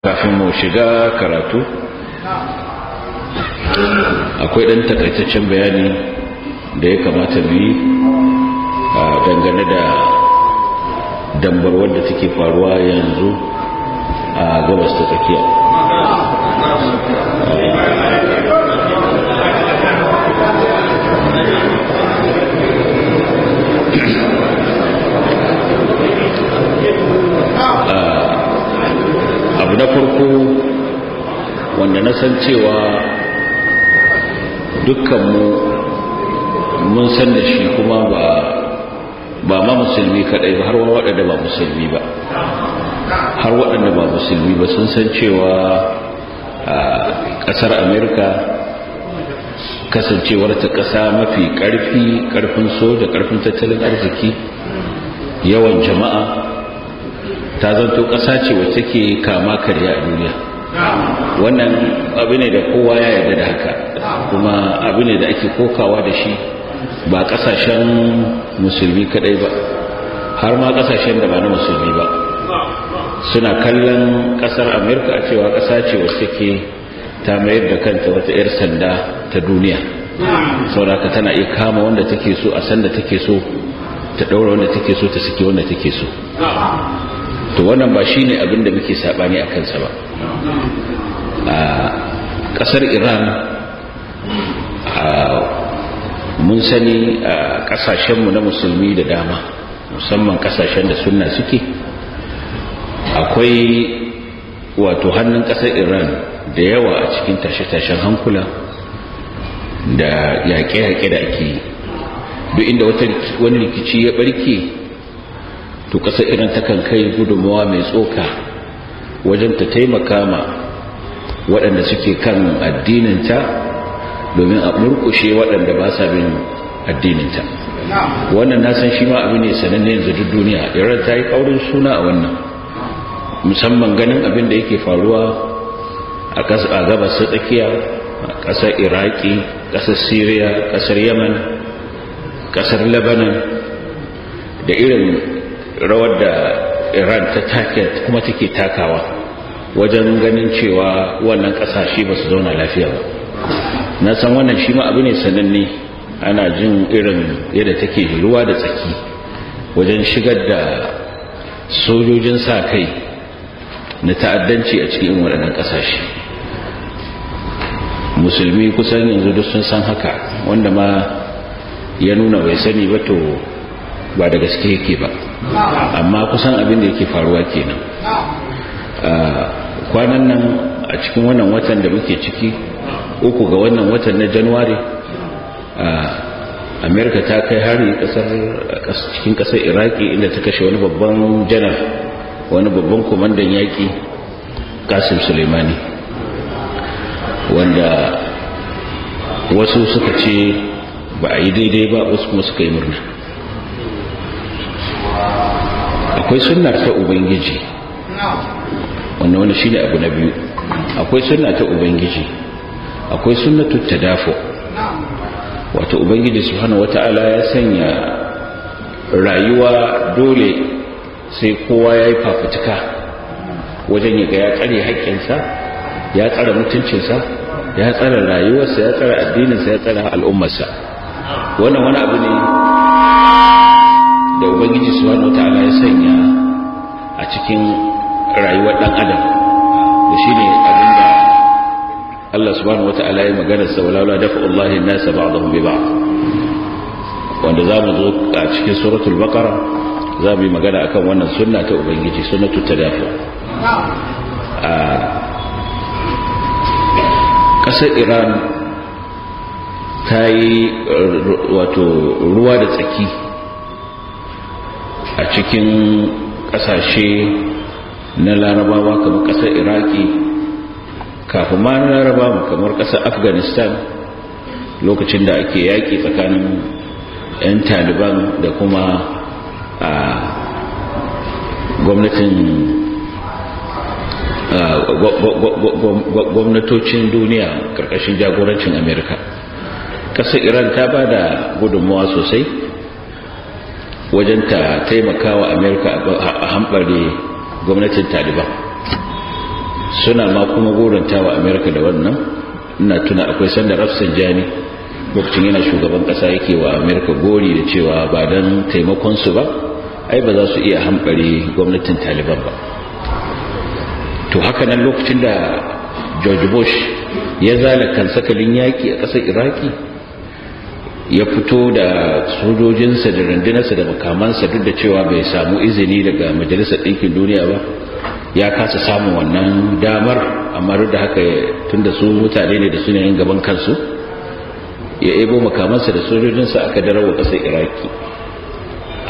kafin mu shiga karatu akwai ɗan takaitaccen bayani da ya kamata mu yi dangane da dambar wadda take faruwa yanzu a gabas ta tsakiya a abu na farko wanda na san cewa dukkanmu mun san da shi kuma ba ba ma musulmi kadai ba har waɗanda ba musulmi ba har waɗanda ba musulmi ba sun san cewa a ƙasar amerika kasancewar ta ƙasa mafi ƙarfi ƙarfin da ƙarfin tattalin arziki yawan jama'a ta zanto ƙasa ce wacce take kama karya a duniya wannan abu ne da kowa ya yarda da haka kuma abu ne da ake kokawa da shi ba ƙasashen musulmi kadai ba har ma ƙasashen da ba na musulmi ba suna kallon ƙasar amurka a cewa ƙasa ce wacce ke ta mayar da kanta wata 'yar sanda ta duniya sauraka tana iya kama wanda take so a sanda take so ta ɗaura wanda take so ta saki wanda take so to wannan ba shine abin da muke saɓani a kansa ba a ƙasar iran a mun sani a ƙasashenmu na musulmi da dama musamman ƙasashen da sunna suke akwai wato hannun ƙasar iran da yawa a cikin tashe-tashen hankula da yaƙe-yaƙe da ake yi duk inda wani rikici ya barke to irin ta kan kai gudunmawa mai tsoka wajen ta taimaka ma waɗanda suke kan addininta domin a murkushe waɗanda ba sa bin addininta wannan na san shi ma abu ne sanannen yanzu duk duniya irin ta yi ƙaurin suna a wannan musamman ganin abin da yake faruwa a gabas ta tsakiya ƙasar iraki ƙasar siriya ƙasar yaman ƙasar Labanan da irin rawar da iran ta take kuma take takawa wajen ganin cewa wannan kasashe ba su zauna lafiya ba na san wannan shi ma abu ne sananne ana jin irin yadda take ruwa da tsaki wajen shigar da sojojin sa kai na ta'addanci a cikin waɗannan ƙasashe musulmi kusan yanzu duk sun san haka wanda ma ya nuna bai sani ba to ba da gaske yake ba amma kusan abin da yake faruwa kenan ah, kwanan nan a cikin wannan watan da muke ciki uku ga wannan watan na januwari ah, amerika ta kai hari cikin kasar iraki inda ta kashe wani babban janar wani babban kwamandan yaƙi kasim suleimani wanda wasu suka ce ba a yi daidai ba wasu kuma suka yi murna akwai sunna ta ubangiji wanda wani shi ne abu na biyu akwai sunna ta ubangiji akwai tutta dafo wato ubangiji su hana wata wata'ala ya sanya rayuwa dole sai kowa ya yi fafutuka wajen yaga ga ya tsare haƙƙinsa ya tsara mutuncinsa ya tsara rayuwarsa ya tsara addininsa ya tsara al'ummarsa wannan wani abu ne da ubangiji subhanahu wataala ya sanya a cikin rayuwar dan adam da shine abin da Allah subhanahu wataala ya magana sa walawla dafa'ullahi an-nas ba'dahum bi ba'd wanda zamu zo a cikin suratul baqara za mu yi magana akan wannan sunna ta ubangiji sunnatu tadafu a kasar iran ta yi wato ruwa da tsaki a cikin kasashe na larabawa kamar kasar iraki kafin ma na larabawa kamar ƙasar afghanistan lokacin da ake yaƙi tsakanin 'yan taliban da kuma a gwamnatin gwamnatocin duniya ƙarƙashin jagorancin amerika ƙasar iran ta bada da sosai wajen ta taimakawa amerika a hambari gwamnatin taliban suna ma kuma goranta wa amerika da wannan ina tuna akwai sanda rafsan jani lokacin yana shugaban kasa yake wa amerika gori da cewa ba don taimakonsu ba ai ba za su iya hambari gwamnatin taliban ba to hakanan lokacin da george bush ya zala kan sakalin yaki a ƙasar iraki ya fito da sojojinsa da rundunarsa da makamansa duk da cewa bai samu izini daga majalisar ɗinkin duniya ba ya kasa samun wannan damar amma duk da haka tun da su mutane ne da su ne gaban kansu ya ebo makamansa da sojojinsa aka darawa ƙasar iraki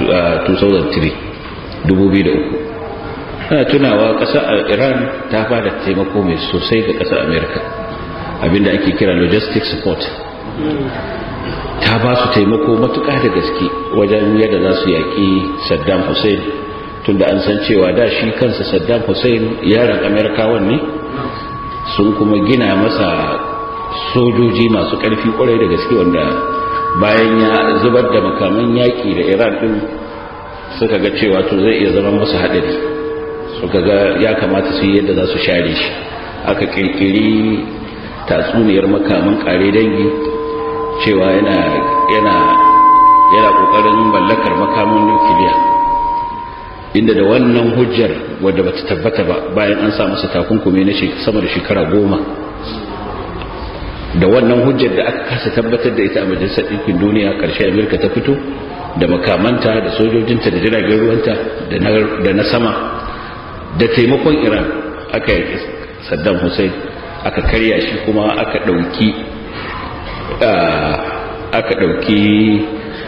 2003 2003 ana tunawa ƙasar iran ta fada taimako mai sosai ga ƙasar america abinda ake kira logistic support ta ba su taimako matuƙa da gaske wajen yadda za su yaƙi saddam hussein tunda an san cewa da shi kansa saddam hussein yaran amerikawan ne sun kuma gina masa sojoji masu ƙarfi ƙwarai da gaske wanda bayan ya zubar da makaman yaƙi da iran ɗin suka ga cewa to zai iya zama masu haɗari suka ga ya kamata su yi yadda za su share shi aka ƙirƙiri tatsuniyar makaman ƙare dangi cewa yana yana yana kokarin mallakar makamin nukiliya inda da wannan hujjar wadda bata tabbata ba bayan an sa masa takunkumi na sama da shekara goma da wannan hujjar da aka kasa tabbatar da ita a majalisar ɗinkin duniya ƙarshe amurka ta fito da makamanta da sojojinta da jiragen ruwanta da na sama da taimakon iran aka yi saddam hussein aka karya shi kuma aka ɗauki Eh, aka ɗauki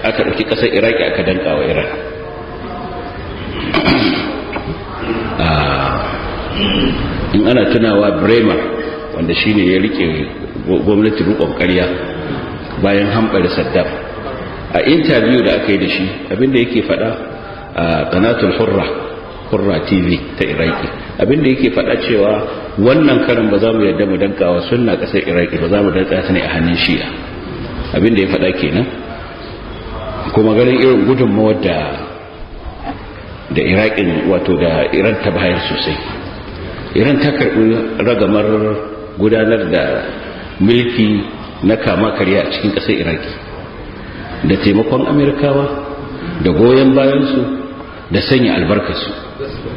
aka ɗauki ƙasar iraki aka danka wa iran eh, in ana tunawa bremer wanda shine ya rike gwamnati rukon karya bayan hambar saddam a interview da aka yi da shi abinda yake fada a eh, kanatul hurra hurra tv ta iraki abinda yake faɗa cewa wannan karin ba za mu yarda mu dankawa sunna ƙasar iraki ba za mu danka ta ne a hannun shi'a abin da ya faɗa kenan kuma ganin irin gudunmawar da da iraki wato da iran ta bayar sosai iran ta karɓi ragamar gudanar da mulki na kama karya a cikin ƙasar iraki da taimakon amerikawa da goyon bayansu da sanya albarkarsu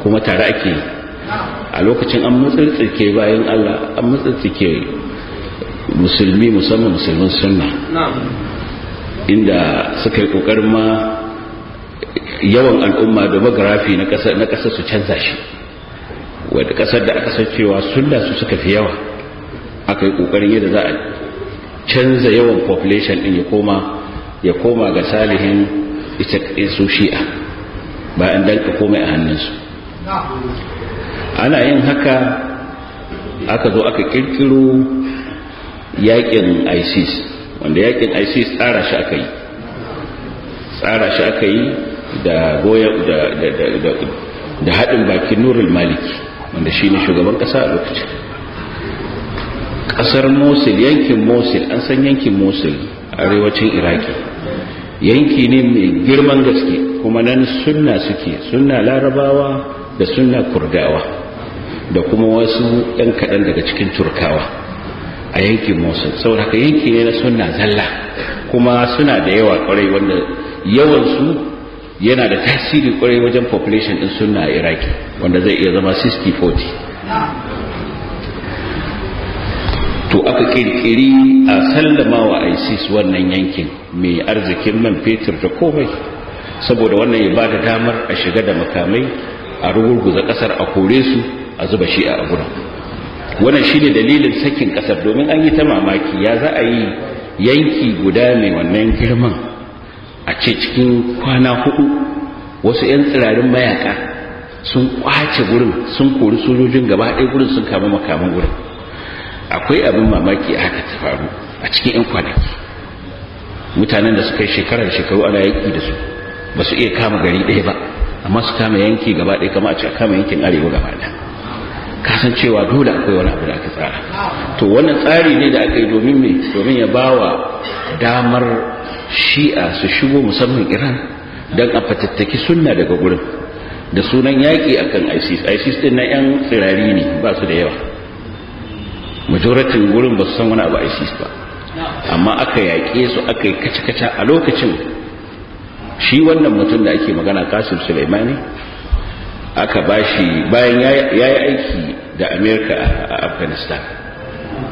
kuma tare ake a lokacin an matsirtsirke bayan Allah an matsirtsirke musulmi musamman musulman sunna inda suka yi kokarin ma yawan al'umma da magarafi na ƙasa su canza shi wadda ƙasar da aka san cewa sunna su suka fi yawa aka yi kokarin yadda za a canza yawan population din ya koma ya koma ga salihin ita su shi'a bayan danka komai a hannunsu ana yin haka aka zo aka kirkiro yakin isis wanda yakin isis tsara shi aka yi tsara shi aka yi da goya da haɗin bakin nurul maliki wanda shi ne shugaban ƙasa a lokacin ƙasar mosul yankin mosul an san yankin mosul arewacin iraki yanki ne mai girman gaske kuma nan sunna suke sunna larabawa da sunna kurdawa da kuma wasu yan kaɗan daga cikin turkawa a yankin mosul saboda haka yanki ne na sunna zalla kuma suna da yawa kwarai wanda yawansu yana da tasiri kwarai wajen population ɗin suna a iraki wanda zai iya zama 60-40 to aka kirkiri a sallama wa isis wannan yankin mai arzikin man fetur da komai saboda wannan ya ba da damar a shiga da makamai a rugurguza ƙasar a kore su a zuba shi a gurin wannan shine dalilin sakin kasar domin an yi ta mamaki ya za a yi yanki guda mai wannan girman a ce cikin kwana hudu wasu 'yan tsirarin mayaka sun kwace gurin sun kori sojojin gaba ɗaya gurin sun kama makaman gurin akwai abin mamaki a haka ta faru a cikin 'yan kwanaki mutanen da suka yi shekarar shekaru ana yanki da su ba su iya kama gari ɗaya ba amma su kama yanki gaba ɗaya kama a kama yankin arewa gaba ɗaya Kasan cewa dole akwai wani abu da aka tsara to wannan tsari ne da aka yi domin mai domin ya wa damar shi'a su shigo musamman iran don a fatattaki sunna daga gurin da sunan yaƙi akan isis isis din na 'yan tsirari ne ba su da yawa majoratin gurin ba su san wani abu isis ba amma aka yaƙe su aka yi kaca-kaca a lokacin shi wannan mutum da ake magana kasim suleimani aka bashi bayan ya yi aiki da amerika a afghanistan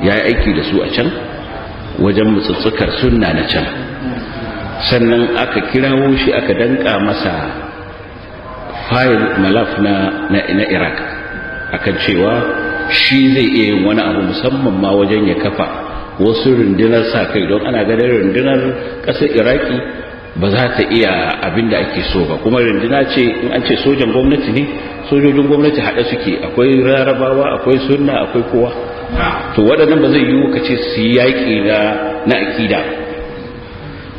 ya yi aiki da su a can wajen mutsutsukar sunna na can sannan aka kirawo shi aka danka masa fayil malaf na iraq akan cewa shi zai iya yin wani abu musamman ma wajen ya kafa wasu rundunar sa kai don ana ganin rundunar ƙasar iraki ba za ta iya abin da ake so ba kuma rinduna ce in an ce sojan gwamnati ne sojojin gwamnati haɗe suke akwai rarabawa akwai sunna akwai kowa to waɗannan ba zai yi ka ce su yi yaƙi na akida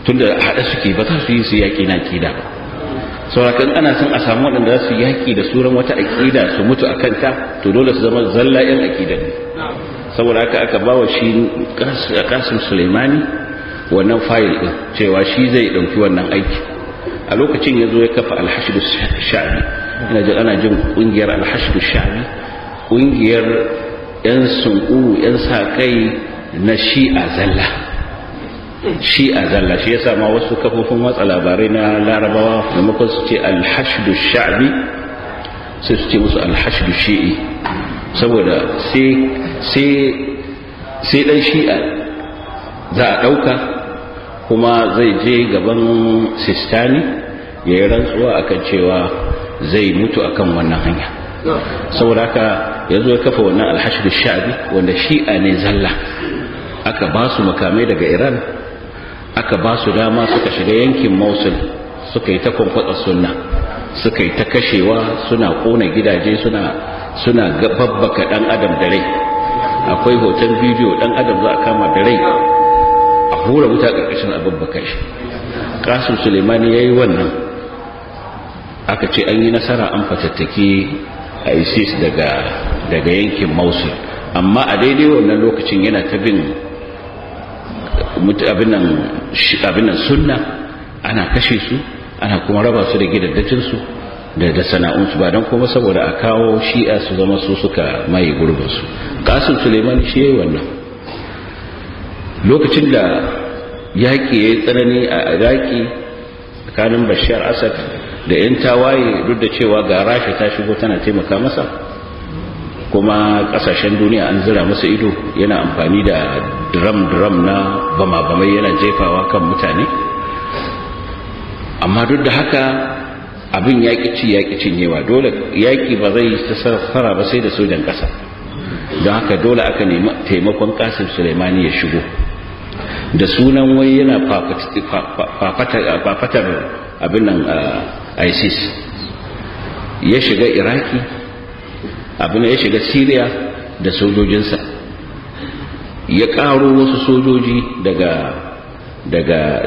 tunda haɗe suke ba za su yi su yaƙi na akida ba saurakan ana son a samu waɗanda za su yaƙi da suran wata akida su mutu a ta to dole su zama zalla 'yan akida ne saboda haka aka bawa shi kasim sulaimani. wannan fayil ɗin cewa shi zai ɗauki wannan aiki a lokacin ya zo ya kafa alhashidu sha'abi ina jin ana jin kungiyar alhashidu sha'abi kungiyar yan sunku yan sakai na shi a zalla Shi a zalla shi yasa ma wasu kafofin watsa labarai na larabawa maimakon su ce alhashidu sha'abi sai su ce musu alhashidu shi'i saboda sai dan shi'a za a ɗauka kuma zai je gaban sistani ya yi rantsuwa akan cewa zai mutu akan wannan hanya saboda haka ya zo ya kafa wannan alhashir sha'abi wanda shi'a ne zalla aka ba su makamai daga iran aka ba su dama suka shiga yankin mosul suka yi ta kwankwatsa sunna suka yi ta kashewa suna kona gidaje suna suna babbaka dan adam da rai akwai hoton bidiyo dan adam za a kama da rai hura wuta ƙarƙashin abubakar shi ƙasar sulemani ya yi wannan aka ce an yi nasara an fatattaki a isis daga yankin mosul amma a daidai wannan lokacin yana ta bin abinan sunna ana kashe su ana kuma raba su da gidaddacinsu da sana'unsu ba don kuma saboda a kawo shi'a su zama su suka maye gurbinsu ƙasar suleimani shi ya yi wannan lokacin da yaƙi ya tsanani a iraki tsakanin bashiyar asad da 'yan tawaye duk da cewa ga rashi ta shigo tana taimaka masa kuma ƙasashen duniya an zira masa ido yana amfani da drum-drum na bama-bamai yana jefawa kan mutane amma duk da haka abin yaƙi ci yaƙi dole yaƙi ba zai sassara ba sai da sojan ƙasa don haka dole aka nemi taimakon kasim suleimani ya shigo da sunan wai yana fafatar abin isis ya shiga iraki abin ya shiga syria da sojojinsa ya karo wasu sojoji daga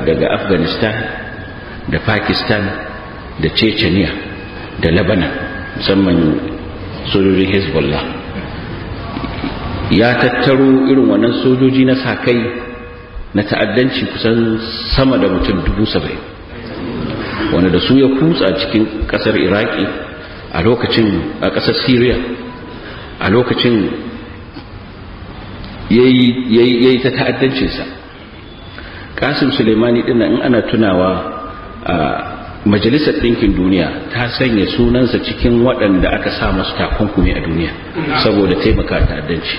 daga afghanistan da pakistan da chechnya da lebanon musamman sojojin hezbollah ya tattaro irin wannan sojoji na sa kai na ta'addanci kusan sama da mutum dubu saba'in wanda da su ya kutsa cikin kasar iraki a lokacin a kasar syria a lokacin ya yi ta ta'addancinsa kasim suleimani ɗina in ana tunawa a majalisar ɗinkin duniya ta sanya sunansa cikin waɗanda aka sa masu takunkumi a duniya saboda taimaka ta'addanci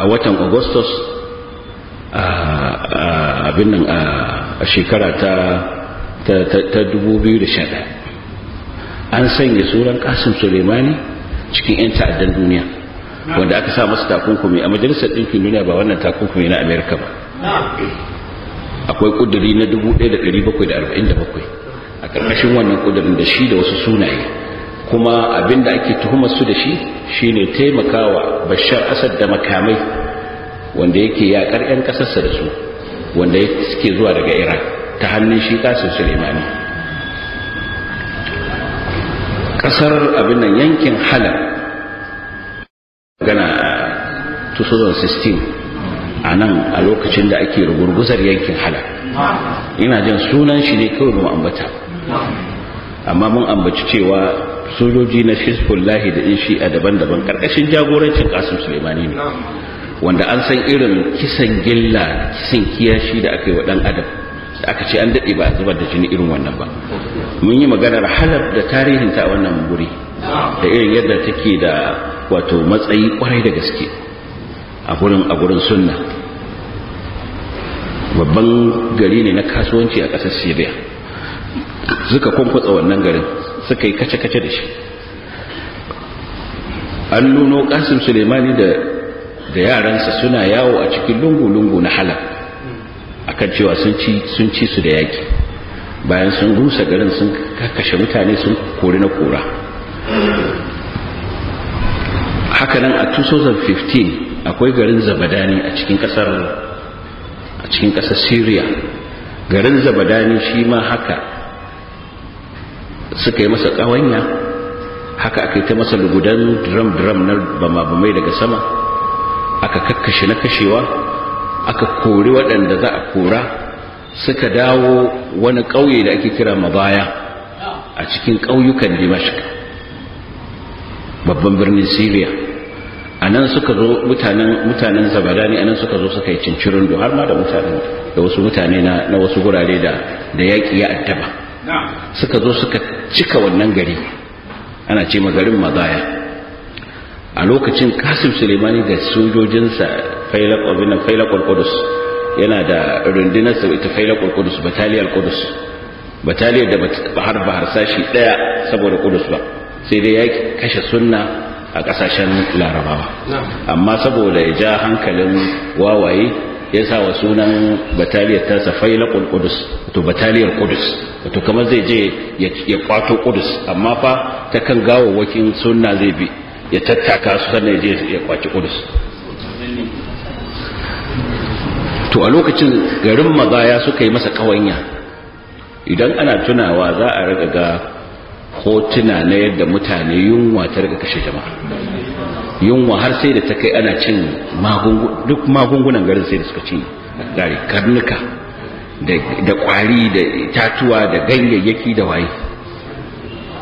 a watan agustus abin nan a shekara ta 2011 an sanya suran kasim suleimani cikin 'yan ta'addan duniya wanda aka sa masu takunkumi a majalisar ɗinkin duniya ba wannan takunkumi na amerika ba akwai ƙudiri na 1747 a ƙarƙashin wannan ƙudirin da shi da wasu sunaye kuma abinda ake tuhumar su da shi shi ne taimakawa bashar asad da makamai wanda yake yakar 'yan ƙasarsa da su wanda suke zuwa daga Iran ta hannun shi kasin sulemani ƙasar abin nan yankin halar gana 2016 a nan a lokacin da ake rugurguzar yankin halar ina jan sunan shi ne kawai mu ambata amma mun ambaci cewa sojoji na hezbollah da in a daban-daban ƙarƙashin jagorancin kasim sulemani ne wanda an san irin kisan gilla kisan kiyashi da aka yi wa ɗan adam da aka ce an daɗe ba a zubar da jini irin wannan ba mun yi maganar halar da tarihinta a wannan guri da irin yadda take da wato matsayi kwarai da gaske a gurin a gurin sunna babban gari ne na kasuwanci a ƙasar syria suka kwamfutsa wannan garin suka yi kace-kace da shi an nuno kasim Suleimani da da yaransa suna yawo a cikin lungu-lungu na halab akan cewa sun ci su da yaki bayan sun rusa garin sun kakashe mutane sun kori na kora hakanan a 2015 akwai garin zabadani a cikin kasar a cikin kasar syria garin zabadani shi ma haka suka yi masa kawanya haka aka yi ta masa lugudan drum-drum na bama-bamai daga sama aka kakkashe na kashewa aka kori waɗanda za a kora suka dawo wani ƙauye da ake kira mabaya a cikin ƙauyukan dimashik babban birnin syria a nan suka zo mutanen zabadani a nan suka zo suka yi cincirin har ma da mutanen da wasu mutane na wasu gurare da yaƙi ya addaba suka zo suka cika wannan gari ana ce magarin mazaya a lokacin kasim sulemani da sojojinsa failakon kudus yana da rundunarsa ita failakon kudus bataliyar kudus bataliyar da har ba harsashi daya saboda kudus ba sai dai ya kashe sunna a kasashen larabawa amma saboda ya ja hankalin wawaye ya sa wa sunan bataliyar tasa failakon kudus to bataliyar kudus to kamar zai je ya kwato kudus amma fa ta kan gawo wakin sunna zai bi ya tattaka su sannan je ya kwaki kudus to a lokacin garin mazaya suka yi masa kawanya idan ana tunawa za a raga ga hotuna na yadda mutane yunwa ta raga kashe jama'a yunwa har sai da ta kai ana cin duk magungunan garin sai da suka ci gari karnuka da kwari da tatuwa da ganyayyaki da waye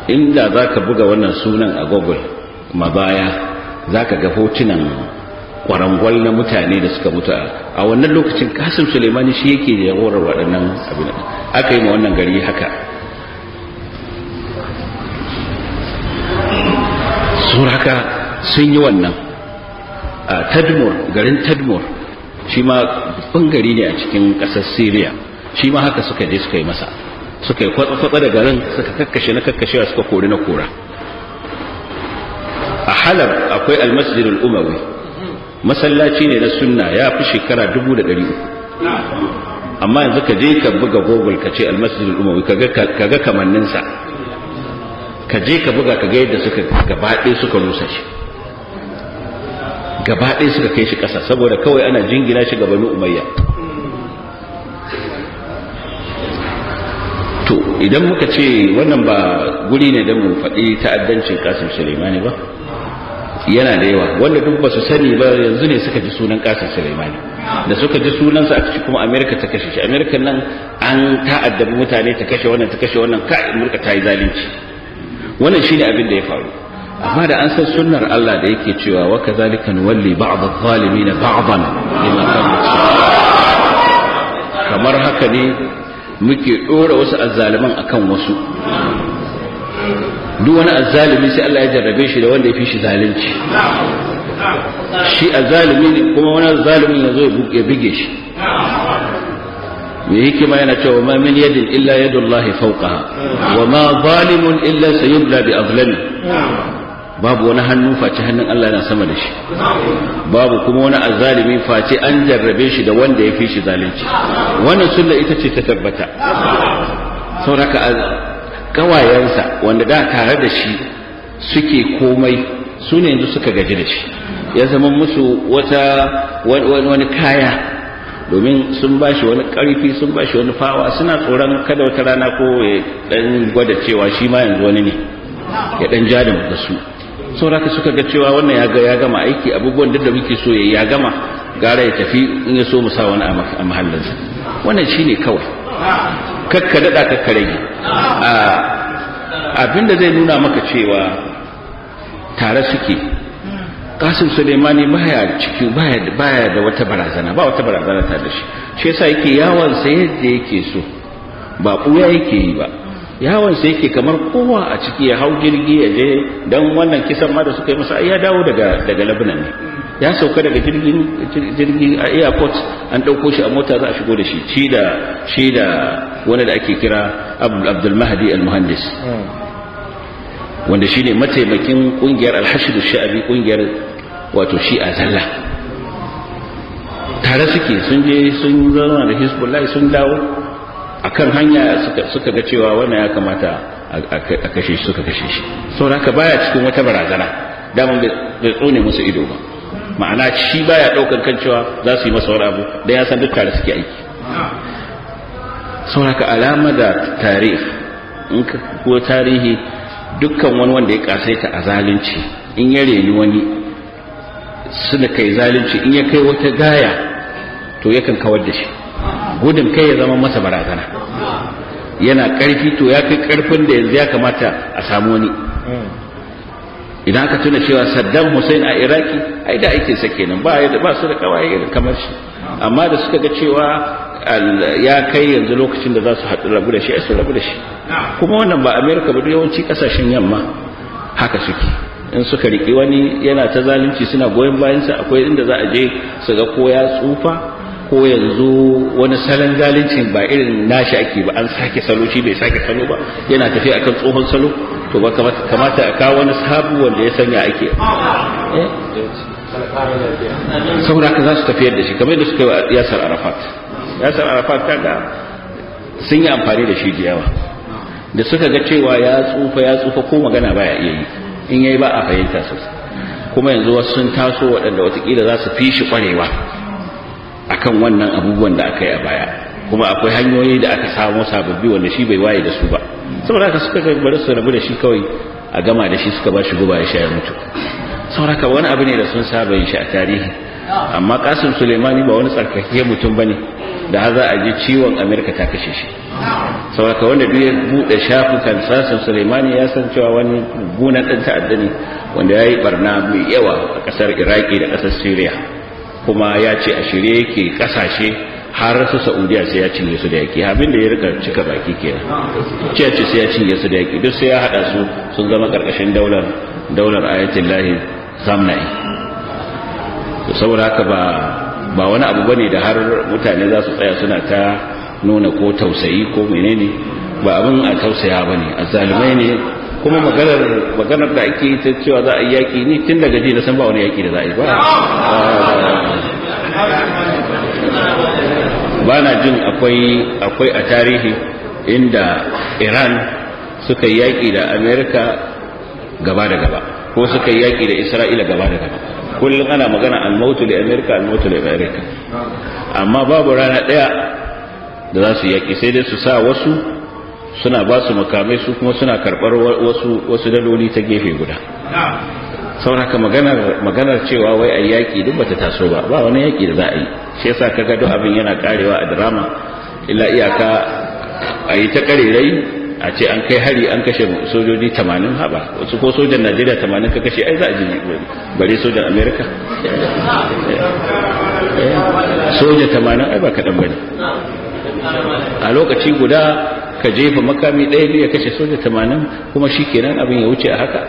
inda za ka buga wannan sunan a google mabaya ka ga hotunan kwarangwal na mutane da suka mutu a wannan lokacin kasim suleimani shi yake da horar waɗannan abin aka yi ma wannan gari haka sun haka sun yi wannan a tadmur garin tadmur shi ma bangare ne a cikin ƙasar syria shi ma haka suka je suka yi masa suka yi kwatsa-kwatsa da garin suka kakkashe na kakkashewa suka kori na kora a halab akwai almasjid al'umawi masallaci ne na sunna ya fi shekara 1300 amma yanzu ka je ka buga google ka ce almasjid al'umawi ka ga kamanninsa ka je ka buga ka ga yadda suka gabaɗe suka rusa shi gabaɗe suka kai shi ƙasa saboda kawai ana jingina shi gabanin umayya to idan muka ce wannan ba guri ne don mu faɗi ta'addancin kasim sulemani ba yana da yawa wanda duk ba su sani ba yanzu ne suka ji sunan kasar sulaimani da suka ji sunansa a ciki kuma amerika ta kashe shi amerika nan an ta'addabi mutane ta kashe wannan ta kashe wannan ka amurka ta yi zalunci wannan shine abin da ya faru amma da an san sunnar allah da yake cewa wa kazalika nuwalli ba'd adh-dhalimin ba'dan kamar haka ne muke dora wasu azzaliman akan wasu duk wani azzalimi sai Allah ya jarrabe shi da wanda ya fi shi zalunci shi azzalimi ne kuma wani azzalimin ya zo ya bige shi me yake ma yana cewa ma min yadin illa yadullahi fawqaha wa ma zalimun illa sayubla bi azlami babu wani hannu face hannun Allah yana sama da shi babu kuma wani azalimi face an jarrabe shi da wanda ya fi shi zalunci wannan sunna ita ce ta tabbata sauraka ƙawayensa wanda da tare da shi suke komai su ne yanzu suka gaji da shi ya zama musu wata wani kaya domin sun ba shi wani ƙarfi sun ba shi wani fawa suna tsoron kada wata rana ko ya ɗan gwada cewa shi ma yanzu wani ne ya ɗan ja da su ka suka ga cewa wannan ya gama aiki abubuwan duk da muke so ya gama gara ya tafi in ya so mu sa wani a mahallinsa wannan shine kawai kakka daɗa kakka rage abinda zai nuna maka cewa tare suke kasim sulemani baya ciki baya da wata barazana ba wata barazana ta da shi shi yasa yake yawon sa yadda yake so ba kuya yake yi ba yawon yake kamar kowa a ciki ya hau jirgi ya je dan wannan kisan ma da suka yi masa ai ya dawo daga daga ne ya sauka daga jirgin a airport an ɗauko shi a mota za a shigo da shi shi da shi da wani da ake kira abdul mahdi al-muhandis wanda shi ne mataimakin ƙungiyar alhashidu sha'abi ƙungiyar wato shi a zalla tare suke sun je sun zama da hezbollah sun dawo akan hanya suka ga cewa wannan ya kamata a kashe shi suka kashe shi saboda haka baya cikin wata barazana dama bai tsone musu ido ba ma'ana shi baya ɗaukar kan cewa za su yi masa wani abu da ya san duk tare suke aiki haka alama da tarihi in ka kuwa tarihi dukkan wani wanda ya kasaita a zalunci in ya reni wani suna kai zalunci in ya kai wata gaya to yakan kawar da shi gudun kai ya zama masa barazana yana karfi to ya kai karfin da yanzu ya kamata a samu wani idan ka tuna cewa saddam hussein a iraki ai da aikinsa kenan ba ba su da kawai irin kamar shi amma da suka ga cewa ya kai yanzu lokacin da za su haɗu rabu da shi su rabu da shi kuma wannan ba amerika ba yawanci kasashen yamma haka suke in suka riƙi wani yana ta zalunci suna goyon bayansa akwai inda za a je su ga ko ya tsufa ko yanzu wani salon zalunci, ba irin nashi ake ba an sake salo shi bai sake salo ba yana tafiya akan tsohon salo to ba kamata a kawo wani sabu wanda ya sanya ake eh? saboda ka za su tafiyar da shi kamar yadda suka yi wa yasar arafat yasar arafat ga sun yi amfani da shi da yawa da suka ga cewa ya tsufa ya tsufa ko magana baya iya yi in yayi ba a fahimta sosai kuma yanzu wasu sun taso waɗanda watakila za su fi shi ƙwarewa akan wannan abubuwan da aka yi a baya kuma akwai hanyoyi da aka samo sababbi wanda shi bai waye da su ba saboda haka suka bari su rabu da shi kawai a gama da shi suka ba shi guba ya sha ya mutu saboda haka wani abu ne da sun saba yin shi a tarihi amma kasim suleimani ba wani tsarkake mutum ba ne da har za a ji ciwon amerika ta kashe shi saboda wanda duk ya buɗe shafukan sasin suleimani ya san cewa wani guna ɗan ta'adda ne wanda ya yi barna mai yawa a ƙasar iraki da ƙasar syria kuma ya ce a shirye yake ƙasashe har su saudiya sai ya cinye su da yaki abin da ya rika cika baki kenan ce ce sai ya cinye su da yaki duk sai ya hada su sun zama karkashin daular daular ayatul lahi zamnai saboda haka ba ba wani abu bane da har mutane za su tsaya suna ta nuna ko tausayi ko menene ba abin a tausaya bane azzalumai ne kuma maganar maganar da ake ta cewa za a yi yaki ni tun daga ji na san ba wani yaki da za a yi ba ba na jin akwai a tarihi inda iran suka yi yaƙi da amerika gaba da gaba ko suka yi yaƙi da isra'ila gaba da gaba kullum ana magana almautu da amerika almautu da amerika amma babu rana ɗaya da za su yaƙi sai dai su sa wasu suna ba su makamai su kuma suna karɓar wasu daloli ta gefe guda sauraka haka maganar cewa wai a yaƙi duk bata taso ba ba wani yaƙi da za a yi shi yasa ka gado abin yana karewa a drama illa iyaka a yi ta karerai a ce an kai hari an kashe sojoji 80 haɓa wasu ko sojan Najeriya 80 ka kashe ai za a ji bare sojan amerika soja 80 ai ba kaɗan bane a lokaci guda ka jefa makami ɗaya ne ya kashe soja 80 kuma shi kenan abin ya wuce a haka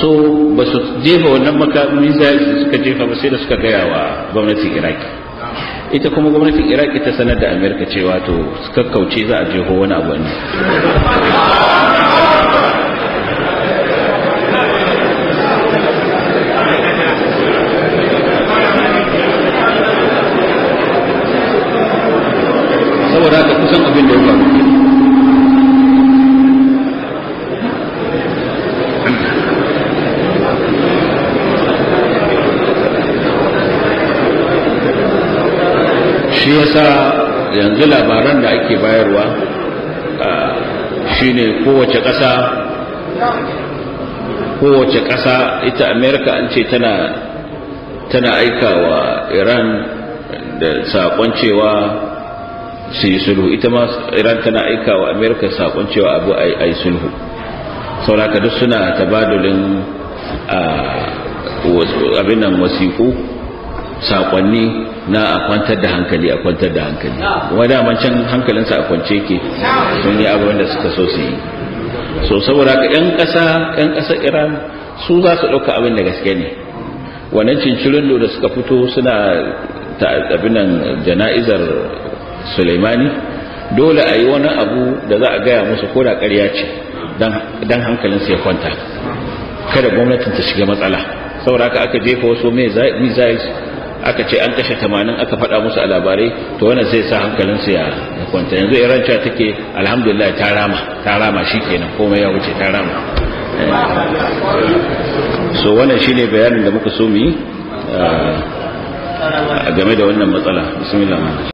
so ba su jefa wannan makamin zai suka jefa ba sai da suka gaya wa gwamnatin iraki ita kuma gwamnatin iraki ta sanar da amerika cewa to kauce za a jeho wani abu ne yanzu labaran da ake bayarwa shine kowace ƙasa kowace ƙasa ita amerika an ce tana tana aika wa iran da saƙon cewa su yi sulhu ita ma iran tana aika wa amerika saƙon cewa abu a yi sulhu sauraka duk suna tabadulin abinan wasiƙu sakonni na a kwantar da hankali a kwantar da hankali kuma mancan hankalinsa a kwance ke sun yi abubuwan da suka so su yi so saboda ka 'yan ƙasa 'yan kasa iran su za su ɗauka abin da gaske ne wannan cincirin da suka fito suna ta abinan jana'izar sulaimani dole a yi wani abu da za a gaya musu ko da ƙarya ce don hankalinsa ya kwanta kada gwamnatin ta shiga matsala saboda aka jefa wasu mai zai. aka ce an kashe tamanin aka faɗa musu a labarai to wannan zai sa hankalinsu ya kwanta yanzu iran take alhamdulillah ta rama ta rama shi kenan komai ya wuce ta rama so wannan shine bayanin da muka so mu yi eh, game da wannan matsala bismillah